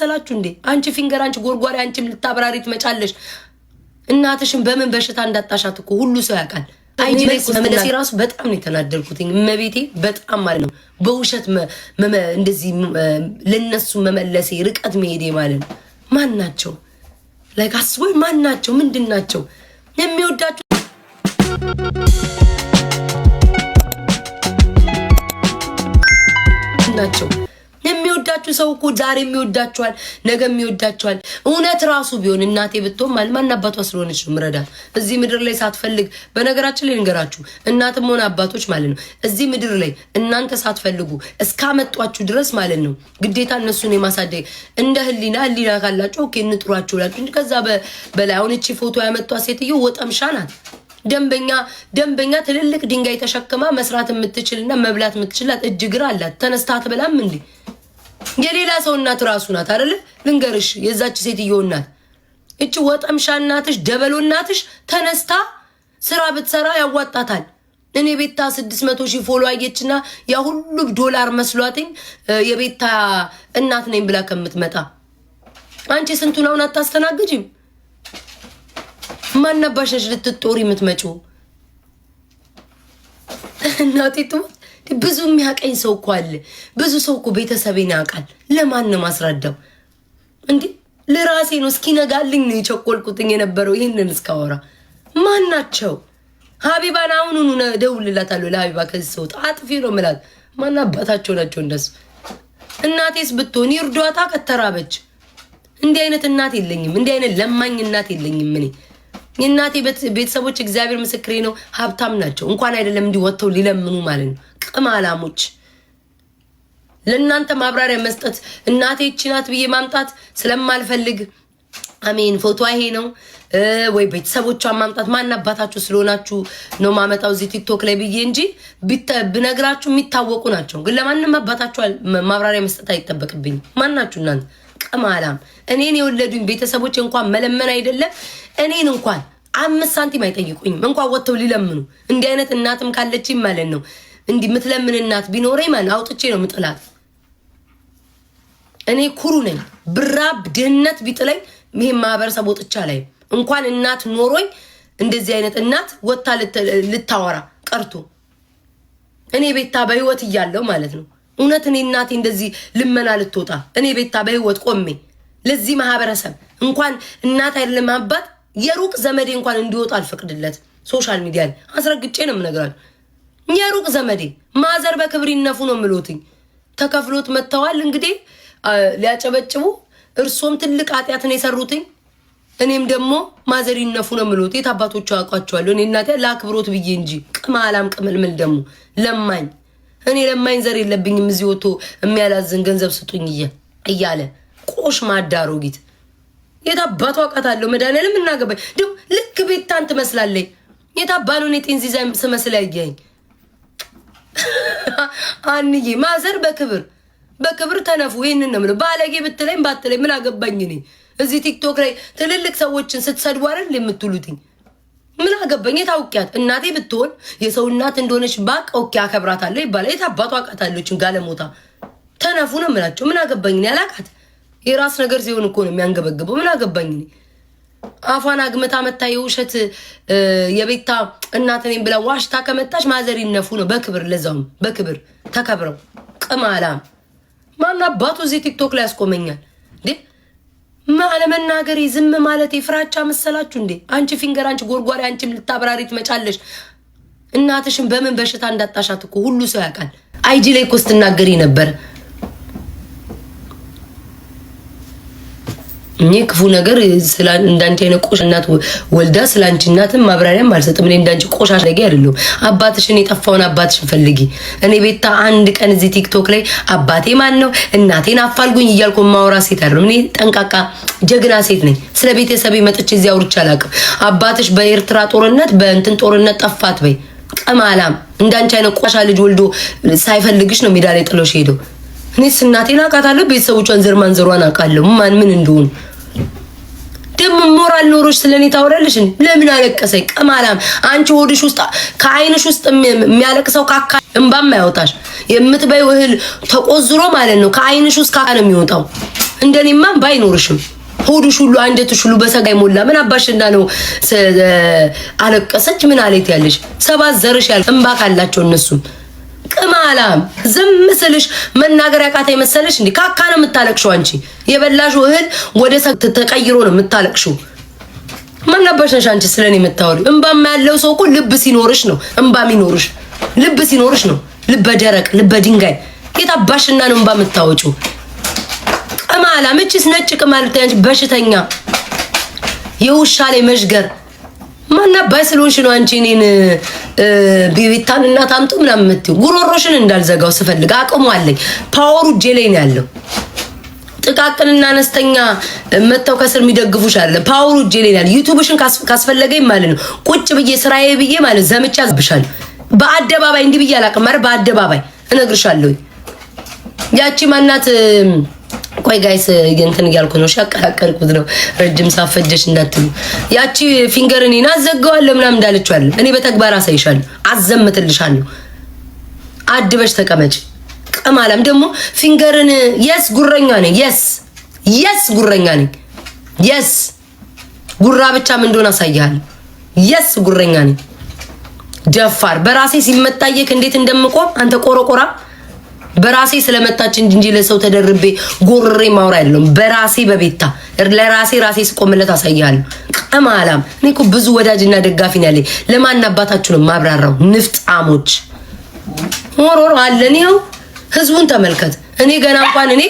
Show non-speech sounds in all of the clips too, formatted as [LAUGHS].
መሰላችሁ እንዴ? አንቺ ፊንገር፣ አንቺ ጎርጓሪ፣ አንቺም ልታብራሪ ትመጫለሽ። እናትሽን በምን በሽታ እንዳጣሻት እኮ ሁሉ ሰው ያውቃል። መመለሴ ራሱ በጣም ነው የተናደድኩት። መቤቴ በጣም ማለት ነው በውሸት እንደዚህ ለነሱ መመለሴ ርቀት መሄዴ ማለት ነው። ማን ናቸው ላይክ አስቦኝ ማን ናቸው? ምንድን ናቸው የሚወዳቸው ናቸው የሚወዳችሁ ሰው እኮ ዛሬ የሚወዳችኋል፣ ነገ የሚወዳችኋል። እውነት ራሱ ቢሆን እናቴ ብትሆን ማለት ማን አባቷ ስለሆነች ምረዳ እዚህ ምድር ላይ ሳትፈልግ በነገራችን ላይ ንገራችሁ እናትም ሆነ አባቶች ማለት ነው እዚህ ምድር ላይ እናንተ ሳትፈልጉ እስካመጧችሁ ድረስ ማለት ነው ግዴታ እነሱን የማሳደግ እንደ ህሊና ህሊና ካላቸው ኦኬ እንጥሯችሁ ከዛ በላይ አሁን እቺ ፎቶ ያመጧት ሴትዮ ወጠምሻ ናት። ደንበኛ ደንበኛ ትልልቅ ድንጋይ ተሸክማ መስራት የምትችልና መብላት የምትችላት እጅግር አላት። ተነስታት በላም እንዴ የሌላ ሰው እናት ራሱ ናት አይደለ? ልንገርሽ፣ የዛች ሴትዮ እናት እቺ ወጠምሻ እናትሽ፣ ደበሎ እናትሽ ተነስታ ስራ ብትሰራ ያዋጣታል። እኔ ቤታ ስድስት መቶ ሺህ ፎሎ አየችና ያ ሁሉ ዶላር መስሏትኝ የቤታ እናት ነኝ ብላ ከምትመጣ አንቺ ስንቱን አሁን አታስተናግጂም። ማናባሽ ነሽ ልትጦሪ የምትመጪው እናቴ ብዙ የሚያቀኝ ሰው እኮ አለ። ብዙ ሰው እኮ ቤተሰቤን ያውቃል። ነው ማስረዳው? እንዴ? ለራሴ ነው እስኪነጋልኝ ነው የቸኮልኩትኝ የነበረው ይህንን እስካወራ። ማን ናቸው? ሀቢባን አሁኑኑ ደውልላታለሁ ለሀቢባ ከዚህ ሰው አጥፊ ነው ምላት። ማን አባታቸው ናቸው እንደሱ? እናቴስ ብትሆን ይርዷታ ከተራበች። እንዲህ አይነት እናት የለኝም። እንዲህ አይነት ለማኝ እናት የለኝም እኔ የእናቴ ቤተሰቦች እግዚአብሔር ምስክሬ ነው፣ ሀብታም ናቸው። እንኳን አይደለም እንዲህ ወጥተው ሊለምኑ ማለት ነው። ቅማላሞች ለእናንተ ማብራሪያ መስጠት እናቴ ይህች ናት ብዬ ማምጣት ስለማልፈልግ አሜን። ፎቶ ይሄ ነው ወይ ቤተሰቦቿን ማምጣት ማን አባታችሁ ስለሆናችሁ ነው ማመጣው እዚህ ቲክቶክ ላይ ብዬ እንጂ ብነግራችሁ የሚታወቁ ናቸው። ግን ለማንም አባታችሁ ማብራሪያ መስጠት አይጠበቅብኝም። ማናችሁ እናንተ ቅማላም እኔን የወለዱኝ ቤተሰቦች እንኳን መለመን አይደለም እኔን እንኳን አምስት ሳንቲም አይጠይቁኝም እንኳን ወጥተው ሊለምኑ። እንዲህ አይነት እናትም ካለች ማለት ነው እንዲህ ምትለምን እናት ቢኖረኝ ማለት አውጥቼ ነው ምጥላት። እኔ ኩሩ ነኝ። ብራብ ድህነት ቢጥለኝ ይሄን ማህበረሰብ ወጥቻ ላይ እንኳን እናት ኖሮኝ እንደዚህ አይነት እናት ወታ ልታወራ ቀርቶ እኔ ቤታ በህይወት እያለው ማለት ነው እውነት እኔ እናቴ እንደዚህ ልመና ልትወጣ እኔ ቤታ በህይወት ቆሜ ለዚህ ማህበረሰብ እንኳን እናት አይደለም አባት የሩቅ ዘመዴ እንኳን እንዲወጣ አልፈቅድለት። ሶሻል ሚዲያ ላይ አስረግጬ ነው የምነግራል። የሩቅ ዘመዴ ማዘር በክብር ይነፉ ነው የምሎትኝ። ተከፍሎት መጥተዋል እንግዲህ ሊያጨበጭቡ። እርሶም ትልቅ ኃጢአትን የሰሩትኝ እኔም ደግሞ ማዘር ይነፉ ነው የምሎት። የት አባቶቹ አውቋቸዋለሁ። እኔ እናቴ ለአክብሮት ብዬ እንጂ ቅማላም ቅምልምል ደግሞ ለማኝ እኔ ለማኝ ዘር የለብኝም እዚህ ወቶ የሚያላዝን ገንዘብ ስጡኝ እያለ ቆሽ ማዳሮ ጊት የታባቷ አለው መድኃኒዓለም እናገባኝ ደ ልክ ቤታን ትመስላለች። የታባሉን የጤንዚዛ ስመስል ያያኝ [LAUGHS] አንዬ ማዘር በክብር በክብር ተነፉ። ይህንን ነው የምለው። ባለጌ ብትለኝ ባትለኝ ምን አገባኝ እኔ። እዚህ ቲክቶክ ላይ ትልልቅ ሰዎችን ስትሰድቡ አይደል የምትሉትኝ ምን አገባኝ? አውቂያት እናቴ ብትሆን የሰው እናት እንደሆነች ባቅ ኦኬ አከብራታለሁ ይባላል። የት አባቱ አውቃታለችን ጋለሞታ ተነፉ ነው የምላቸው። ምን አገባኝ? ያላቃት የራስ ነገር ሲሆን እኮ ነው የሚያንገበግበው። ምን አገባኝ? አፏን አግመታ መታ የውሸት የቤታ እናት ብላ ዋሽታ ከመጣች ማዘር ይነፉ ነው በክብር ለዛውም በክብር ተከብረው ቅማላም ማን አባቱ እዚህ ቲክቶክ ላይ ያስቆመኛል እንዴ? አለመናገሬ ዝም ማለት ፍራቻ መሰላችሁ እንዴ? አንቺ ፊንገር፣ አንቺ ጎርጓሪ፣ አንቺም ልታብራሪ ትመጫለሽ። እናትሽን በምን በሽታ እንዳጣሻት እኮ ሁሉ ሰው ያውቃል። አይጂ ላይ እኮ ስትናገሪ ነበር። እኔ ክፉ ነገር እንዳንቺ አይነት ቆሻ እናት ወልዳ ስለ አንቺ እናትም ማብራሪያም አልሰጥም። እኔ እንዳንቺ ቆሻሽ ነገ አይደለሁም። አባትሽን የጠፋውን አባትሽን ፈልጊ። እኔ ቤታ አንድ ቀን እዚህ ቲክቶክ ላይ አባቴ ማን ነው እናቴን አፋልጉኝ እያልኩ ማውራ ሴት አይደለም። እኔ ጠንቃቃ ጀግና ሴት ነኝ። ስለ ቤተሰብ መጥቼ እዚህ አውርቼ አላውቅም። አባትሽ በኤርትራ ጦርነት በእንትን ጦርነት ጠፋት በይ ቀማላም እንዳንቺ አይነት ቆሻ ልጅ ወልዶ ሳይፈልግሽ ነው ሜዳ ላይ ጥሎሽ ሄደው። እኔስ እናቴን አውቃታለሁ። ቤተሰቦቿን ዘር ማንዘሯን አውቃለሁ ማን ምን እንደሆኑ ደግሞ ሞራል ኖሮች ስለኔ ታወራለሽ። ለምን አለቀሰኝ? ቀማላም አንቺ ሆድሽ ውስጥ ከአይንሽ ውስጥ የሚያለቅሰው ካካ እንባም ያወጣሽ የምትበይው እህል ተቆዝሮ ማለት ነው። ከአይንሽ ውስጥ ካካ ነው የሚወጣው። እንደኔማ ባይኖርሽም ሆድሽ ሁሉ አንጀትሽ ሁሉ በሰጋይ ሞላ። ምን አባሽና ነው አለቀሰች? ምን አለት ያለሽ ሰባት ዘርሽ ያለ እንባ ካላቸው እነሱም ቅማላም ዝም ስልሽ መናገር ያቃታ የመሰለሽ እንዲ ካካ ነው የምታለቅሽው አንቺ። የበላሹ እህል ወደ ሰግ ተቀይሮ ነው የምታለቅሽው። ማን አባሽ ነሽ አንቺ ስለኔ የምታወሪው? እንባም ያለው ሰው እኮ ልብ ሲኖርሽ ነው እንባም ይኖርሽ። ልብ ሲኖርሽ ነው ልበ ደረቅ ልበ ድንጋይ። የት አባሽና ነው እንባ የምታወጪው? ቅማላም እችስ ነጭ ቅማል በሽተኛ የውሻ ላይ መዥገር ማና ስለሆንሽ ነው አንቺ እኔን ቤቢታን እናት አምጡ ምናምን የምትይው። ጉሮሮሽን እንዳልዘጋው ስፈልግ አቅሙ አለኝ። ፓወሩ እጄ ላይ ነው ያለው። ጥቃቅንና አነስተኛ መጥተው ከስር የሚደግፉሽ አለ። ፓወሩ እጄ ላይ ነው ያለው። ዩቲዩብሽን ካስፈለገኝ ማለት ነው ቁጭ ብዬ ስራዬ ብዬ ማለት ዘምቻ ዝብሻል በአደባባይ እንዲህ ብዬ አላቅም። ኧረ በአደባባይ እነግርሻለሁ ያቺ ማናት ቆይ ጋይስ እንትን እያልኩ ነው፣ ሻቀላቀልኩት ነው። ረጅም ሳፈጀሽ እንዳትሉ። ያቺ ፊንገርን ይና አዘገዋለሁ ምናምን እንዳለችዋለሁ። እኔ በተግባር አሳይሻለሁ፣ አዘምትልሻለሁ። አድበሽ ተቀመጭ። ቅማላም ደግሞ ፊንገርን የስ ጉረኛ ነኝ። የስ የስ ጉረኛ ነኝ። የስ ጉራ ብቻ ምን እንደሆነ አሳያለሁ። የስ ጉረኛ ነኝ። ደፋር በራሴ ሲመጣየክ እንዴት እንደምቆም አንተ ቆረቆራ በራሴ ስለመታች እንጂ ለሰው ተደርቤ ጎርሬ ማውራ ያለው በራሴ በቤታ ለራሴ ራሴ ስቆምለት አሳያለሁ። ቀማላም እኔ እኮ ብዙ ወዳጅና ደጋፊ ነው ያለኝ። ለማን አባታችሁ ነው ማብራራው? ንፍጣሞች ወሮሮ አለን። ይኸው ህዝቡን ተመልከት። እኔ ገና እንኳን እኔ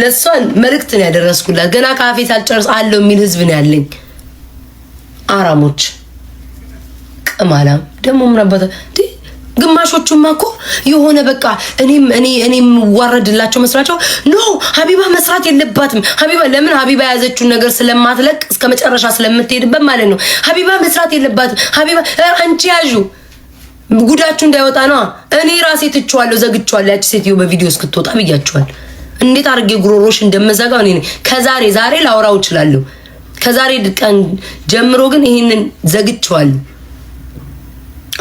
ለእሷን መልእክት ነው ያደረስኩላት። ገና ካፌ ሳልጨርስ አለው የሚል ህዝብ ነው ያለኝ። አራሞች ቅማላም ደግሞ ምን አባታ ግማሾቹማ እኮ የሆነ በቃ እኔም እኔ እኔም ዋረድላቸው መስላቸው ኖ ሀቢባ መስራት የለባትም ሀቢባ ለምን ሀቢባ የያዘችውን ነገር ስለማትለቅ እስከ መጨረሻ ስለምትሄድበት ማለት ነው። ሀቢባ መስራት የለባትም ሀቢባ አንቺ ያዡ ጉዳችሁ እንዳይወጣ ነዋ። እኔ ራሴ ትችዋለሁ፣ ዘግችዋለሁ። ያቺ ሴትዮ በቪዲዮ እስክትወጣ ብያችኋል። እንዴት አድርጌ ጉሮሮሽ እንደመዘጋው እኔ ከዛሬ ዛሬ ላውራው እችላለሁ። ከዛሬ ቀን ጀምሮ ግን ይህንን ዘግችዋለሁ።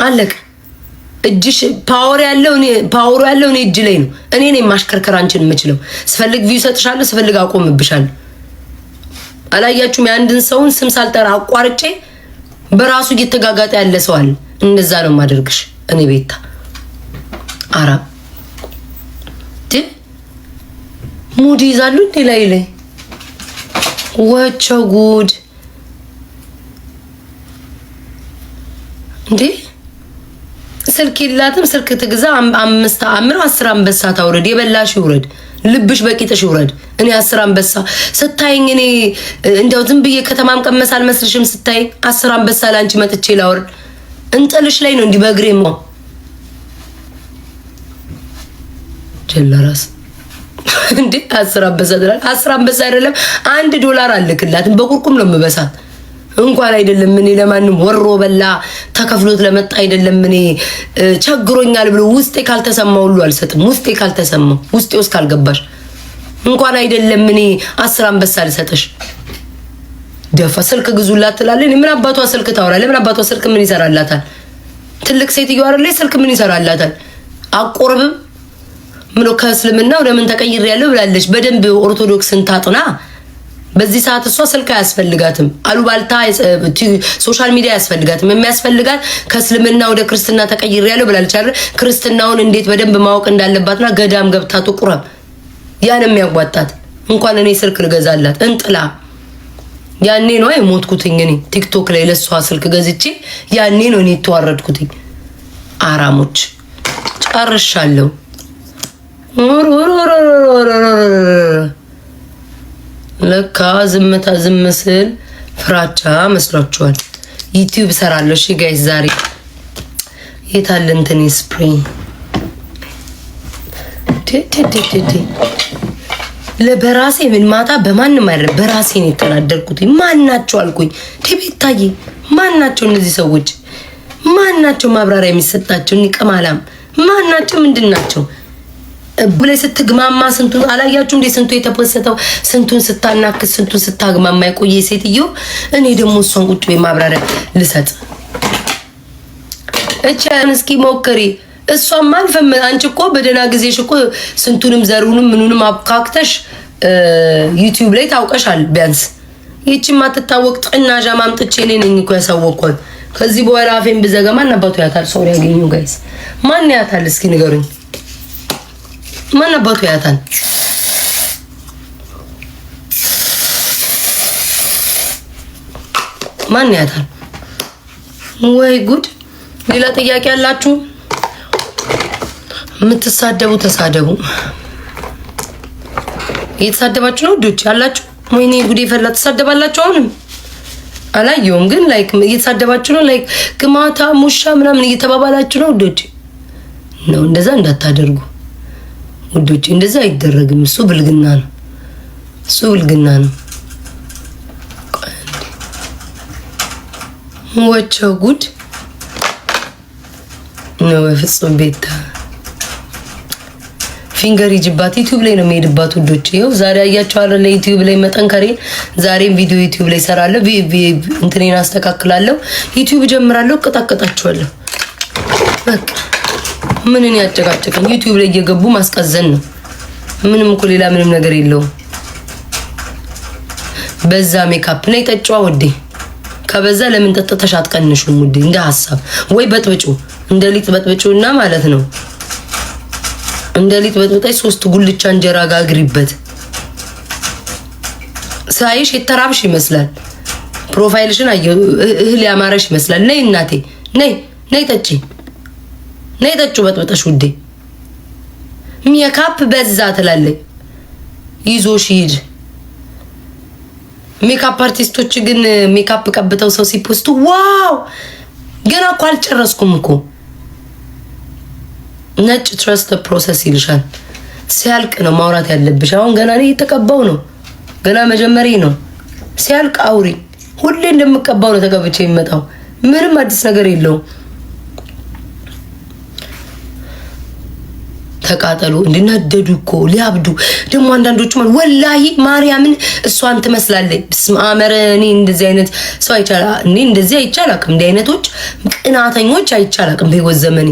አለቀ። እጅሽ ፓወር ያለው ፓወሩ ያለው እኔ እጅ ላይ ነው። እኔ ነኝ ማሽከርከር አንቺን የምችለው። ስፈልግ ቪው ሰጥሻለሁ፣ ስፈልግ አቆምብሻለሁ። አላያችሁም? የአንድን ሰውን ስም ሳልጠራ አቋርጬ በራሱ እየተጋጋጠ ያለ ሰው አለ። እንደዛ ነው የማደርግሽ እኔ ቤታ አራ ሙድ ይዛሉ እንዴ ላይ ላይ ወቸው ጉድ እንዴ ስልክ የላትም። ስልክ ትግዛ። አምስት አምር አስር አንበሳ ታውረድ። የበላሽ ይውረድ፣ ልብሽ በቂጥሽ ይውረድ። እኔ አስር አንበሳ ስታይኝ እኔ እንዲያው ዝም ብዬ ከተማም ቀመስ አልመስልሽም። ስታይ አስር አንበሳ ለአንቺ መጥቼ ላውርድ እንጥልሽ ላይ ነው እንዲህ በእግሬ ሞ ጀለራስ እንዴ አስር አንበሳ ትላለህ። አስር አንበሳ አይደለም አንድ ዶላር አልክላትም። በቁርቁም ነው የምበሳት እንኳን አይደለም እኔ ለማንም ወሮ በላ ተከፍሎት ለመጣ አይደለም እኔ ቸግሮኛል ብሎ ውስጤ ካልተሰማ ሁሉ አልሰጥም። ውስጤ ካልተሰማ ውስጤ ውስጥ ካልገባሽ እንኳን አይደለም እኔ አስር አንበሳ አልሰጥሽ። ደፋ ስልክ ግዙላት ትላለህ። ምን አባቷ ስልክ ታወራ? ለምን አባቷ ስልክ ምን ይሰራላታል? ትልቅ ሴትዮ አይደለች? ስልክ ምን ይሰራላታል? አቆርብም ምን ከእስልምና ወደ ምን ተቀይሬያለሁ ብላለች። በደንብ ኦርቶዶክስን ታጥና በዚህ ሰዓት እሷ ስልክ አያስፈልጋትም፣ አሉባልታ ሶሻል ሚዲያ አያስፈልጋትም። የሚያስፈልጋት ከእስልምና ወደ ክርስትና ተቀይሬያለሁ ብላለች አይደል? ክርስትናውን እንዴት በደንብ ማወቅ እንዳለባትና ገዳም ገብታ ትቁረብ። ያን የሚያጓጣት እንኳን እኔ ስልክ ልገዛላት እንጥላ። ያኔ ነው የሞትኩትኝ እኔ ቲክቶክ ላይ ለሷ ስልክ ገዝቼ፣ ያኔ ነው እኔ የተዋረድኩትኝ። አራሞች ጨርሻለሁ። ለካ ዝምታ ዝም ስል ፍራቻ መስሏችኋል። ዩቲዩብ ሰራለሁ። እሺ ጋይስ ዛሬ የታለ እንትን ስፕሬይ ለበራሴ ምን ማታ በማንም አይደለም በራሴ ነው የተናደርኩት። ማን ናቸው አልኩኝ። ቤታዬ ማን ናቸው እነዚህ ሰዎች? ማን ናቸው ማብራሪያ የሚሰጣቸው? እኔ ቀማላም ማን ናቸው? ምንድን ናቸው? ላይ ስትግማማ ስንቱን አላያችሁ እንዴ? ስንቱ የተፖሰተው ስንቱን ስታናክስ ስንቱን ስታግማማ የቆየ ሴትዮ። እኔ ደግሞ እሷን ቁጭ ብዬ ማብራሪያ ልሰጥ እቻ እስኪ ሞክሪ። እሷም አልፈም አንቺ እኮ በደህና ጊዜሽ እኮ ስንቱንም ዘሩንም ምኑንም አብካክተሽ ዩቲዩብ ላይ ታውቀሻል። ቢያንስ ይቺ ማትታወቅ ጥና ዣማ አምጥቼ እኔ ነኝ እኮ ያሳወቅኳት። ከዚህ በኋላ አፌን ብዘጋ ማን አባቱ ያታል? ሰው ያገኙ ጋይስ ማን ያታል? እስኪ ንገሩኝ። ማን አባቱ ያታል? ማን ያታል? ወይ ጉድ! ሌላ ጥያቄ አላችሁ የምትሳደቡ ተሳደቡ። እየተሳደባችሁ ነው ውዶች ያላችሁ። ወይኔ ጉዴ ፈላ። ተሳደባላችሁ አሁንም አላየውም ግን ላይክ እየተሳደባችሁ ነው። ላይክ ግማታ ሙሻ ምናምን እየተባባላችሁ ነው ውዶች ነው። እንደዛ እንዳታደርጉ ውዶች፣ እንደዛ አይደረግም። እሱ ብልግና ነው። እሱ ብልግና ነው። ወቸው ጉድ ነው። በፍጹም ቤታ ፊንገር ይጅባት ዩቲዩብ ላይ ነው የሚሄድባት። ውዶች ይኸው ዛሬ አያቸዋለሁ ለዩቲዩብ ላይ መጠንከሬን። ዛሬም ቪዲዮ ዩቲዩብ ላይ ሰራለሁ፣ እንትኔን አስተካክላለሁ፣ ዩቲዩብ ጀምራለሁ፣ እቀጣቀጣችኋለሁ በቃ ምንን ያጨቃጨቀኝ? ዩቲዩብ ላይ እየገቡ ማስቀዘን ነው። ምንም እኮ ሌላ ምንም ነገር የለውም። በዛ ሜካፕ ነው የጠጫዋ ወዴ ከበዛ ለምን ጠጥተሽ አትቀንሹም ውዴ? እንደ ሀሳብ ወይ በጥብጩ እንደ ሊጥ በጥብጩና ማለት ነው እንደ ሊጥ በጥብጣይ ሶስት ጉልቻ እንጀራ ጋግሪበት። ሳይሽ የተራብሽ ይመስላል። ፕሮፋይልሽን አየሁ እህል ያማረሽ ይመስላል። ነይ እናቴ ነይ ነይ ጠጪ ነይ ጠጩ በጥብጠሽ ውዴ። ሜካፕ በዛ ትላለች። ይዞሽ ሂድ። ሜካፕ አርቲስቶች ግን ሜካፕ ቀብተው ሰው ሲፖስቱ ዋው! ገና እኮ አልጨረስኩም እኮ። ነጭ ትረስት ፕሮሰስ ይልሻል። ሲያልቅ ነው ማውራት ያለብሽ። አሁን ገና እኔ የተቀባው ነው፣ ገና መጀመሪ ነው። ሲያልቅ አውሪ። ሁሌ እንደምቀባው ነው ተቀብቼ የሚመጣው። ምንም አዲስ ነገር የለውም። ተቃጠሉ እንድናደዱ እኮ ሊያብዱ ደግሞ አንዳንዶቹ ማለት ወላሂ ማርያምን እሷን ትመስላለች። በስመ እኔ እንደዚህ አይነት ሰው አይቻላ እኔ እንደዚህ አይቻላቅም። እንዲህ አይነቶች ቅናተኞች አይቻላቅም በህይወት ዘመኔ።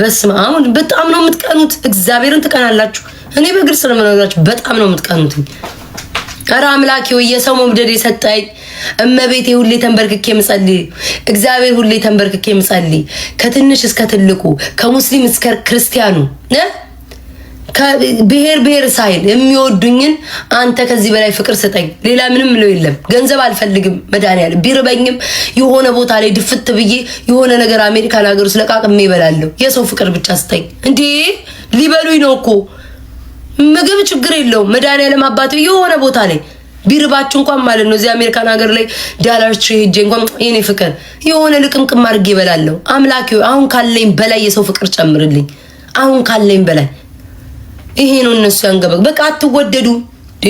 በስመ አብ በጣም ነው የምትቀኑት። እግዚአብሔርን ትቀናላችሁ። እኔ በግልጽ ነው የምነግራችሁ፣ በጣም ነው የምትቀኑት። ኧረ አምላኬ የሰው መውደድ የሰጠኝ እመቤቴ ሁሌ ተንበርክኬ ምጸልይ፣ እግዚአብሔር ሁሌ ተንበርክኬ ምጸልይ፣ ከትንሽ እስከ ትልቁ፣ ከሙስሊም እስከ ክርስቲያኑ፣ ብሔር ብሔር ሳይል የሚወዱኝን አንተ ከዚህ በላይ ፍቅር ስጠኝ። ሌላ ምንም ምለው የለም። ገንዘብ አልፈልግም። መድኃኒዓለም ቢርበኝም የሆነ ቦታ ላይ ድፍት ብዬ የሆነ ነገር አሜሪካን ሀገር ውስጥ ለቃቅሜ ይበላለሁ። የሰው ፍቅር ብቻ ስጠኝ። እንዴ ሊበሉኝ ነው እኮ ምግብ ችግር የለውም። መድኃኒዓለም አባት የሆነ ቦታ ላይ ቢርባችሁ እንኳን ማለት ነው እዚህ አሜሪካን ሀገር ላይ ዳላር ትሪ ሄጄ እንኳን የኔ ፍቅር የሆነ ልቅምቅም አድርጌ ይበላለሁ። አምላኪ አሁን ካለኝ በላይ የሰው ፍቅር ጨምርልኝ። አሁን ካለኝ በላይ ይሄ ነው። እነሱ ያንገበግ በቃ አትወደዱ።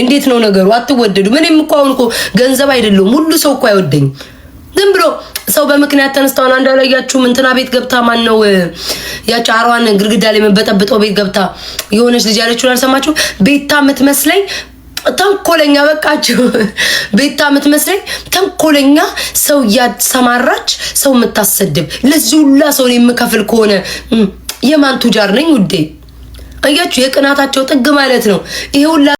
እንዴት ነው ነገሩ? አትወደዱ። ምንም እኮ አሁን እኮ ገንዘብ አይደለሁም። ሁሉ ሰው እኮ አይወደኝም። ዝም ብሎ ሰው በምክንያት ተነስተዋን ላይ ያችሁም እንትና ቤት ገብታ ማን ነው አሯን ግድግዳ ላይ የምበጠብጠው ቤት ገብታ የሆነች ልጅ ያለችውን አልሰማችሁ? ቤታ የምትመስለኝ ተንኮለኛ በቃችሁ። ቤታ የምትመስለኝ ተንኮለኛ ሰው እያሰማራች ሰው የምታሰድብ ለዚህ ሁላ ሰውን የምከፍል ከሆነ የማን ቱጃር ነኝ ውዴ? እያችሁ የቅናታቸው ጥግ ማለት ነው ይሄ ሁላ